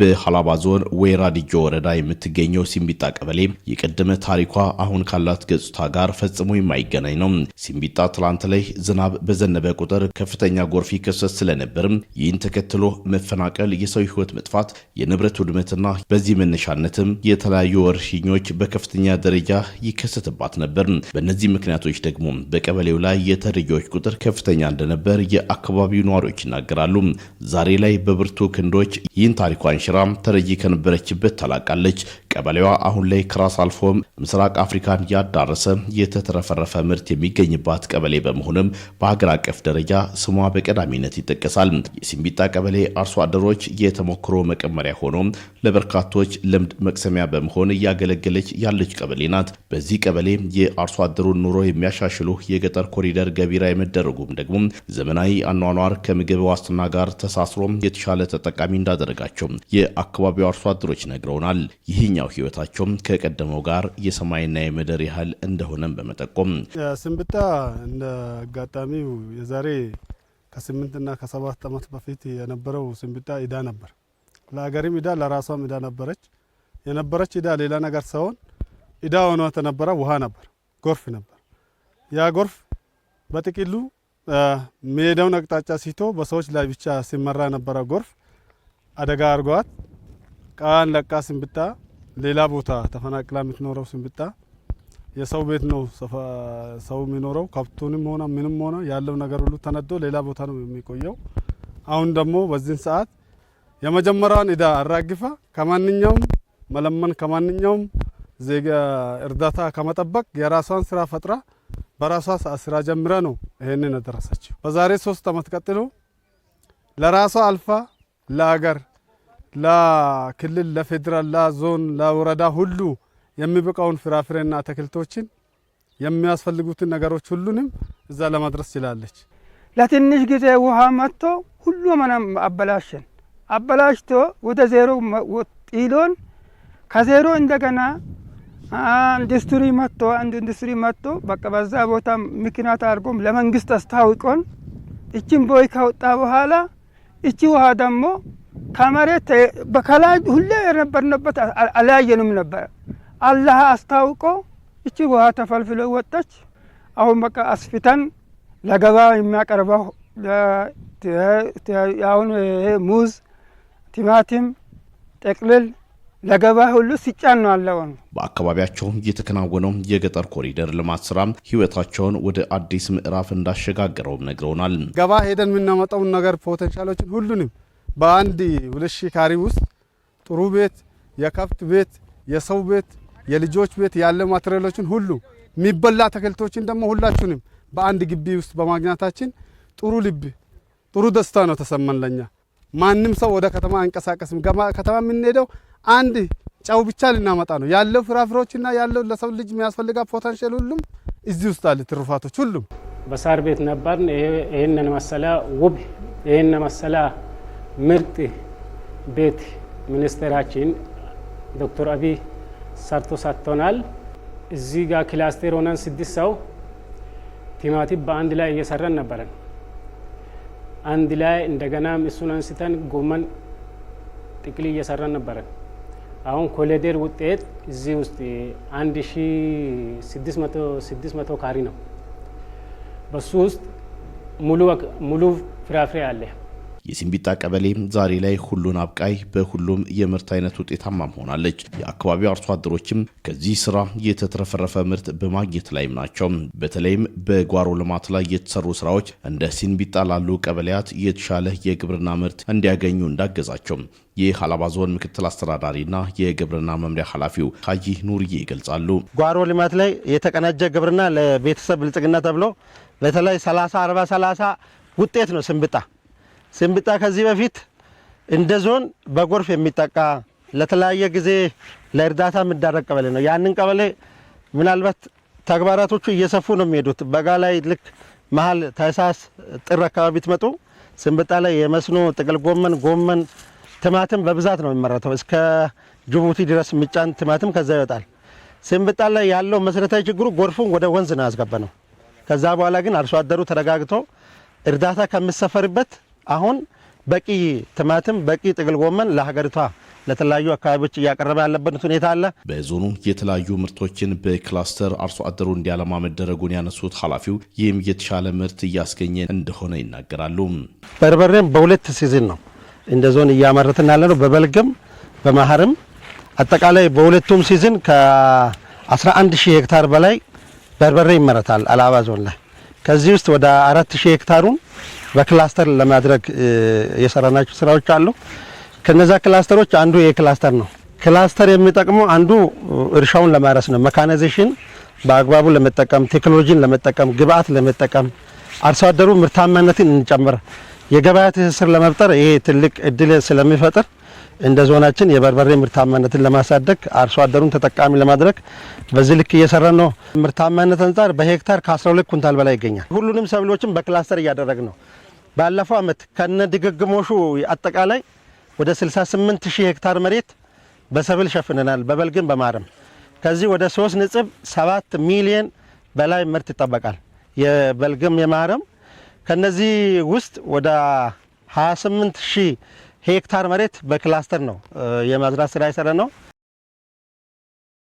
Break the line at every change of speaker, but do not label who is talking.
በሀላባ ዞን ወይራ ዲጆ ወረዳ የምትገኘው ሲምቢጣ ቀበሌ የቀደመ ታሪኳ አሁን ካላት ገጽታ ጋር ፈጽሞ የማይገናኝ ነው። ሲምቢጣ ትላንት ላይ ዝናብ በዘነበ ቁጥር ከፍተኛ ጎርፍ ይከሰት ስለነበርም ይህን ተከትሎ መፈናቀል፣ የሰው ህይወት መጥፋት፣ የንብረት ውድመትና በዚህ መነሻነትም የተለያዩ ወረርሽኞች በከፍተኛ ደረጃ ይከሰትባት ነበር። በእነዚህ ምክንያቶች ደግሞ በቀበሌው ላይ የተረጂዎች ቁጥር ከፍተኛ እንደነበር የአካባቢው ነዋሪዎች ይናገራሉ። ዛሬ ላይ በብርቱ ክንዶች ይህን ታሪኳ ሽራም ተረጂ ከነበረችበት ታላቃለች። ቀበሌዋ አሁን ላይ ከራስ አልፎም ምስራቅ አፍሪካን ያዳረሰ የተትረፈረፈ ምርት የሚገኝባት ቀበሌ በመሆንም በሀገር አቀፍ ደረጃ ስሟ በቀዳሚነት ይጠቀሳል። የሲምቢጣ ቀበሌ አርሶ አደሮች የተሞክሮ መቀመሪያ ሆኖ ለበርካቶች ልምድ መቅሰሚያ በመሆን እያገለገለች ያለች ቀበሌ ናት። በዚህ ቀበሌ የአርሶ አደሩን ኑሮ የሚያሻሽሉ የገጠር ኮሪደር ገቢራ የመደረጉም ደግሞ ዘመናዊ አኗኗር ከምግብ ዋስትና ጋር ተሳስሮ የተሻለ ተጠቃሚ እንዳደረጋቸው የአካባቢው አርሶ አደሮች ነግረውናል። ይህኛው የሕሊናው ሕይወታቸውም ከቀደመው ጋር የሰማይና የምድር ያህል እንደሆነም በመጠቆም
ስንብታ እንደ አጋጣሚው የዛሬ ከስምንትና ከሰባት ዓመት በፊት የነበረው ስንብታ እዳ ነበር። ለሀገርም እዳ ለራሷም እዳ ነበረች። የነበረች እዳ ሌላ ነገር ሳይሆን እዳ ሆኖ ተነበረ። ውሃ ነበር፣ ጎርፍ ነበር። ያ ጎርፍ በጥቅሉ ሜዳውን አቅጣጫ ሲቶ በሰዎች ላይ ብቻ ሲመራ ነበረ። ጎርፍ አደጋ አርጓት ቃን ለቃ ስንብታ ሌላ ቦታ ተፈናቅላ የምትኖረው ስንብጣ የሰው ቤት ነው ሰው የሚኖረው። ከብቱንም ሆነ ምንም ሆነ ያለው ነገር ሁሉ ተነዶ ሌላ ቦታ ነው የሚቆየው። አሁን ደግሞ በዚህን ሰዓት የመጀመሪያውን እዳ አራግፋ ከማንኛውም መለመን ከማንኛውም ዜጋ እርዳታ ከመጠበቅ የራሷን ስራ ፈጥራ በራሷ ስራ ጀምረ ነው ይህንን ያደረሰችው። በዛሬ ሶስት አመት ቀጥሎ ለራሷ አልፋ ለአገር ለክልል፣ ለፌዴራል፣ ለዞን፣ ለወረዳ ሁሉ የሚበቃውን ፍራፍሬና አትክልቶችን የሚያስፈልጉትን ነገሮች ሁሉንም እዛ ለማድረስ ችላለች።
ለትንሽ ጊዜ ውሃ መጥቶ ሁሉ ምንም አበላሸን። አበላሽቶ ወደ ዜሮ ጥሎን ከዜሮ እንደገና ኢንዱስትሪ መጥቶ አንድ ኢንዱስትሪ መጥቶ በቃ በዛ ቦታ ምክንያት አድርጎም ለመንግስት አስታውቆን እችን ቦይ ከወጣ በኋላ እቺ ውሃ ደግሞ ከመሬት በከላይ ሁሌ የነበርንበት አላየንም ነበር። አላህ አስታውቆ እቺ ውሃ ተፈልፍሎ ወጣች። አሁን በቃ አስፍተን ለገባ የሚያቀርበው አሁን ሙዝ፣ ቲማቲም፣ ጥቅልል ለገባ ሁሉ ሲጫን ነው አለውን።
በአካባቢያቸው የተከናወነው የገጠር ኮሪደር ልማት ስራ ህይወታቸውን ወደ አዲስ ምዕራፍ እንዳሸጋገረውም ነግረውናል።
ገባ ሄደን የምናመጣውን ነገር ፖቴንሻሎችን ሁሉንም በአንድ ሁለት ሺህ ካሬ ውስጥ ጥሩ ቤት፣ የከብት ቤት፣ የሰው ቤት፣ የልጆች ቤት ያለ ማቴሪያሎችን ሁሉ የሚበላ ተክልቶችን ደግሞ ሁላችሁንም በአንድ ግቢ ውስጥ በማግኘታችን ጥሩ ልብ ጥሩ ደስታ ነው ተሰማን። ለኛ ማንም ሰው ወደ ከተማ አንቀሳቀስም። ከተማ የምንሄደው አንድ ጨው ብቻ ልናመጣ ነው። ያለው ፍራፍሮችና ያለው ለሰው ልጅ የሚያስፈልጋ ፖታንሽል ሁሉም እዚህ ውስጥ አለ። ትሩፋቶች ሁሉም
በሳር ቤት ነበር። ይህንን መሰለ ውብ ይህን መሰለ ምርጥ ቤት ሚኒስቴራችን ዶክተር አብይ ሰርቶ ሰጥቶናል። እዚህ ጋር ክላስተር ሆነን ስድስት ሰው ቲማቲም በአንድ ላይ እየሰራን ነበረን። አንድ ላይ እንደገናም እሱን አንስተን ጎመን ጥቅል እየሰራን ነበረን። አሁን ኮሌደር ውጤት እዚህ ውስጥ አንድ ሺ ስድስት መቶ ካሪ ነው። በሱ ውስጥ ሙሉ ፍራፍሬ አለ።
የሲምቢጣ ቀበሌ ዛሬ ላይ ሁሉን አብቃይ በሁሉም የምርት አይነት ውጤታማም ሆናለች። የአካባቢው አርሶ አደሮችም ከዚህ ስራ የተትረፈረፈ ምርት በማግኘት ላይም ናቸው። በተለይም በጓሮ ልማት ላይ የተሰሩ ስራዎች እንደ ሲንቢጣ ላሉ ቀበሌያት የተሻለ የግብርና ምርት እንዲያገኙ እንዳገዛቸው የሀላባ ዞን ምክትል አስተዳዳሪና የግብርና መምሪያ ኃላፊው ሀጂ ኑርዬ ይገልጻሉ።
ጓሮ ልማት ላይ የተቀናጀ ግብርና ለቤተሰብ ብልጽግና ተብሎ በተለይ 30 40 30 ውጤት ነው ስንብጣ። ስንብጣ ከዚህ በፊት እንደ ዞን በጎርፍ የሚጠቃ ለተለያየ ጊዜ ለእርዳታ የምዳረግ ቀበሌ ነው። ያንን ቀበሌ ምናልባት ተግባራቶቹ እየሰፉ ነው የሚሄዱት። በጋ ላይ ልክ መሀል ታህሳስ፣ ጥር አካባቢ ትመጡ ስንብጣ ላይ የመስኖ ጥቅል ጎመን፣ ጎመን፣ ትማትም በብዛት ነው የሚመረተው። እስከ ጅቡቲ ድረስ የሚጫን ትማትም ከዛ ይወጣል። ስንብጣ ላይ ያለው መሰረታዊ ችግሩ ጎርፉን ወደ ወንዝ ነው ያስገባ ነው። ከዛ በኋላ ግን አርሶ አደሩ ተረጋግቶ እርዳታ ከሚሰፈርበት አሁን በቂ ትማትም በቂ ጥቅል ጎመን ለሀገሪቷ ለተለያዩ አካባቢዎች እያቀረበ ያለበት ሁኔታ አለ።
በዞኑ የተለያዩ ምርቶችን በክላስተር አርሶ አደሩ እንዲያለማ መደረጉን ያነሱት ኃላፊው ይህም የተሻለ ምርት እያስገኘ እንደሆነ ይናገራሉ።
በርበሬም በሁለት ሲዝን ነው እንደ ዞን እያመረትን ያለ ነው። በበልግም በመኸርም አጠቃላይ በሁለቱም ሲዝን ከ11 ሺህ ሄክታር በላይ በርበሬ ይመረታል አላባ ዞን ላይ ከዚህ ውስጥ ወደ 4 ሺህ ሄክታሩን በክላስተር ለማድረግ የሰራናቸው ስራዎች አሉ። ከነዛ ክላስተሮች አንዱ የክላስተር ነው። ክላስተር የሚጠቅመው አንዱ እርሻውን ለማረስ ነው። መካናይዜሽን በአግባቡ ለመጠቀም ቴክኖሎጂን ለመጠቀም ግብአት ለመጠቀም አርሶ አደሩ ምርታማነትን እንጨምር የገበያ ትስስር ለመፍጠር ይሄ ትልቅ እድል ስለሚፈጥር እንደ ዞናችን የበርበሬ ምርታማነትን ለማሳደግ አርሶ አደሩን ተጠቃሚ ለማድረግ በዚህ ልክ እየሰራን ነው። ምርታማነት አንጻር በሄክታር ከ12 ኩንታል በላይ ይገኛል። ሁሉንም ሰብሎችን በክላስተር እያደረግ ነው። ባለፈው ዓመት ከነ ድግግሞሹ አጠቃላይ ወደ 68 ሺህ ሄክታር መሬት በሰብል ሸፍነናል። በበልግን በማረም ከዚህ ወደ 3 ነጥብ 7 ሚሊየን በላይ ምርት ይጠበቃል። የበልግም የማረም ከነዚህ ውስጥ ወደ 28 ሺህ ሄክታር መሬት በክላስተር ነው የማዝራት ስራ የሰራ ነው።